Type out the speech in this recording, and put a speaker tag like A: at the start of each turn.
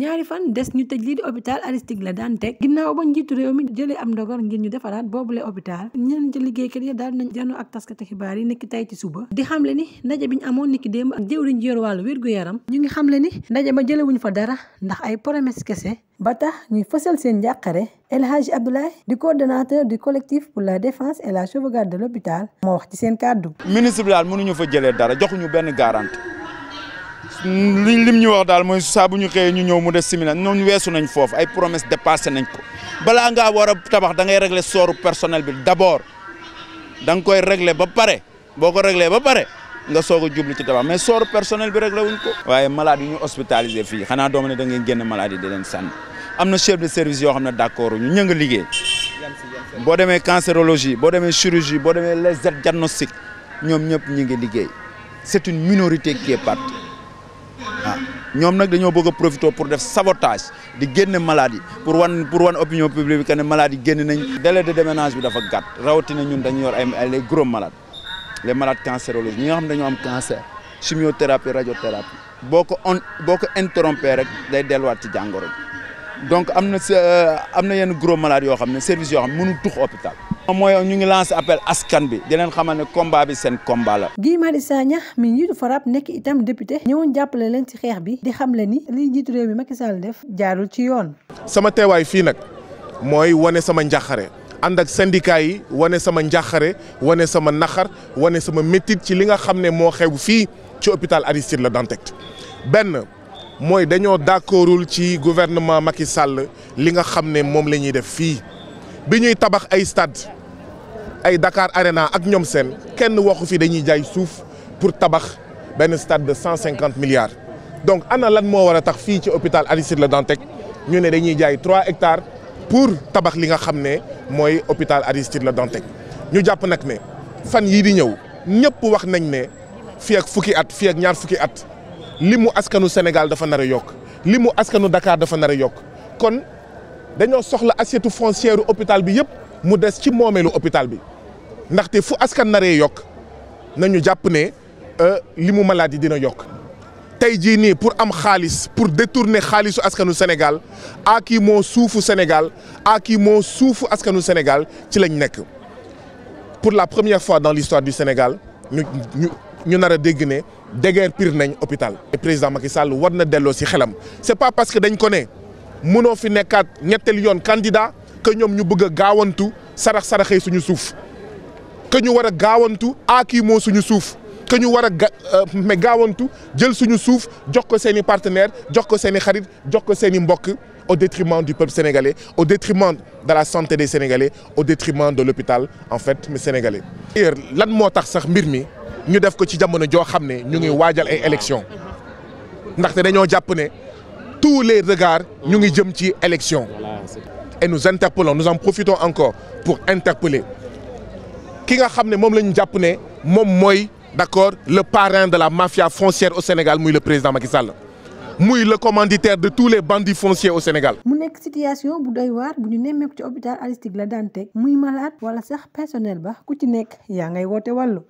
A: ñaari fan des ñu tëj lii di hôpital la Le Dantec ginnaaw ba njiitu réew mi jëlee am ndogal ngir ñu defaraat boobule hôpital ñeneen ca liggéeykat ya daal nañ janoo ak taskati xibaar yi nekk tey ci suba di xamle ni ndaje bi ñu amoon niki démb ak jëwriñ ji yor wàllu wér-gu-yaram ñu ngi xamle ni ndaje ba jëlewuñ fa dara ndax ay promesse kese ba tax ñuy fësal seen njàqare El Hadji Abdoulaye di coordonnateur du collectif pour la défense et la sauvegarde de l'hôpital moo wax ci seen kàddu
B: ministre bi daal mënuñu fa jëlee dara joxuñu benn garantie li lim ñu wax daal mooy saa bu ñu xëyee ñu ñëw mu des simila ñooñu weesu nañ foofu ay promesse dépassé nañ ko bala ngaa war a tabax da ngay régler sooru personnel bi d'abord da nga koy régler ba pare boo ko régler ba pare nga soog a jublu ci tabax mais sooru personnel bi régler wuñ ko. waaye malade ñu hospitalisé fi xanaa doomu ne da ngay génn malade yi di leen sànni am na chef de service yoo xam ne d'accord ñu ñëng liggéey boo demee cancérologie boo demee chirurgie boo demee les diagnostic ñoom ñëpp ñu ngi liggéey c'est une minorité qui est waaw ñoom nag dañoo bëgg a profité pour def sabotage di génne maladie pour wan pour wan opinion publique bi que ne maladie génn nañ. délai de déménage bi dafa gàtt rawatina ñun dañu yor ay les gros malades les malades cancérologiques ñi nga xam dañoo am cancer chimiothérapie radiothérapie boo ko on boo ko interrompé rek day delluwaat ci jàngoro donc am na sa euh, am na yenn gros malades yoo xam ne service yoo xam ne mënu tux hôpital. mooy ñu ngi lancé appel askan bi di leen xamal ne komba bi seen
C: combat la.
A: Guy Marius Sagna mi njiitu FRAPP nekk itam député ñëwoon jàppale leen ci xeex bi di xamle ni li njiitu réew mi Macky Sall def jaarul ci yoon.
C: sama teewaay fii nag mooy wane sama njàqare ànd ak syndicat yi wane sama njàqare wane sama naxar wane sama métit ci li nga xam ne moo xew fii ci hôpital Aristide la Dantec benn mooy dañoo d'accordul ci gouvernement Macky Sall li nga xam ne moom la ñuy def fii. bi ñuy tabax ay stade ay Dakar Arena ak ñoom seen kenn waxu fi dañuy jaay suuf pour tabax benn stade de cent cinquante milliards. donc ana lan moo war a tax fii ci hôpital Aristide la Dantec ñu ne dañuy jaay trois hectares pour tabax li nga xam ne mooy hôpital Aristide la Dantec ñu jàpp nag ne fan yii di ñëw ñëpp wax nañ ne fii ak fukki at fii ak ñaar fukki at li mu askanu Sénégal dafa nar a yokk li mu askanu dakaar dafa nar a yokk dañoo soxla assiette foncière hôpital bi yëpp mu des ci moomeelu hôpital bi ndaxte fu askan naree yokk nañu jàpp ne euh, li mu maladie dina yokk tey jii nii pour am xaalis pour détourner xaalisu askanu Sénégal ak kii moo suufu Sénégal ak kii moo suufu askanu Sénégal ci lañu nekk pour la première fois dans l'histoire du Sénégal ñu ñu ñu nar a dégg ne déguerpir nañ hôpital. président Macky Sall war na delloo si xelam c'est pas parce que dañ ko ne. munoo fi nekkaat ñetteel yoon candidat que ñoom ñu bëgg a gaawantu sarax saraxee suñu suuf que ñu war a gaawantu aakimoo suñu suuf que ñu war a ga euh, gaawantu jël suñu suuf jox ko seeni i jox ko seeni xarit jox ko seen i mbokk au détriment du peuple sénégalais au détriment de la santé des sénégalais au détriment de l'hôpital en fait mais sénégalais. lan moo tax sax mbir mi ñu def ko ci jamono joo xam ne ñu ngi waajal ay élections ndaxte dañoo jàpp tous les regards ñu ngi jëm ci élection et nous interpellons nous en profitons encore pour interpeller ki nga xam ne moom la ñu jàpp ne moom mooy d'accord le parrain de la mafia foncière au Sénégal muy le président Macky Sall muy le commanditaire de tous les bandits fonciers au Sénégal.
A: mu nekk situation bu doy waar bu ñu nemmeeku ci hôpital Aristide Le Dantec muy malade wala sax personnel ba ku ci nekk yaa ngay woote wàllu.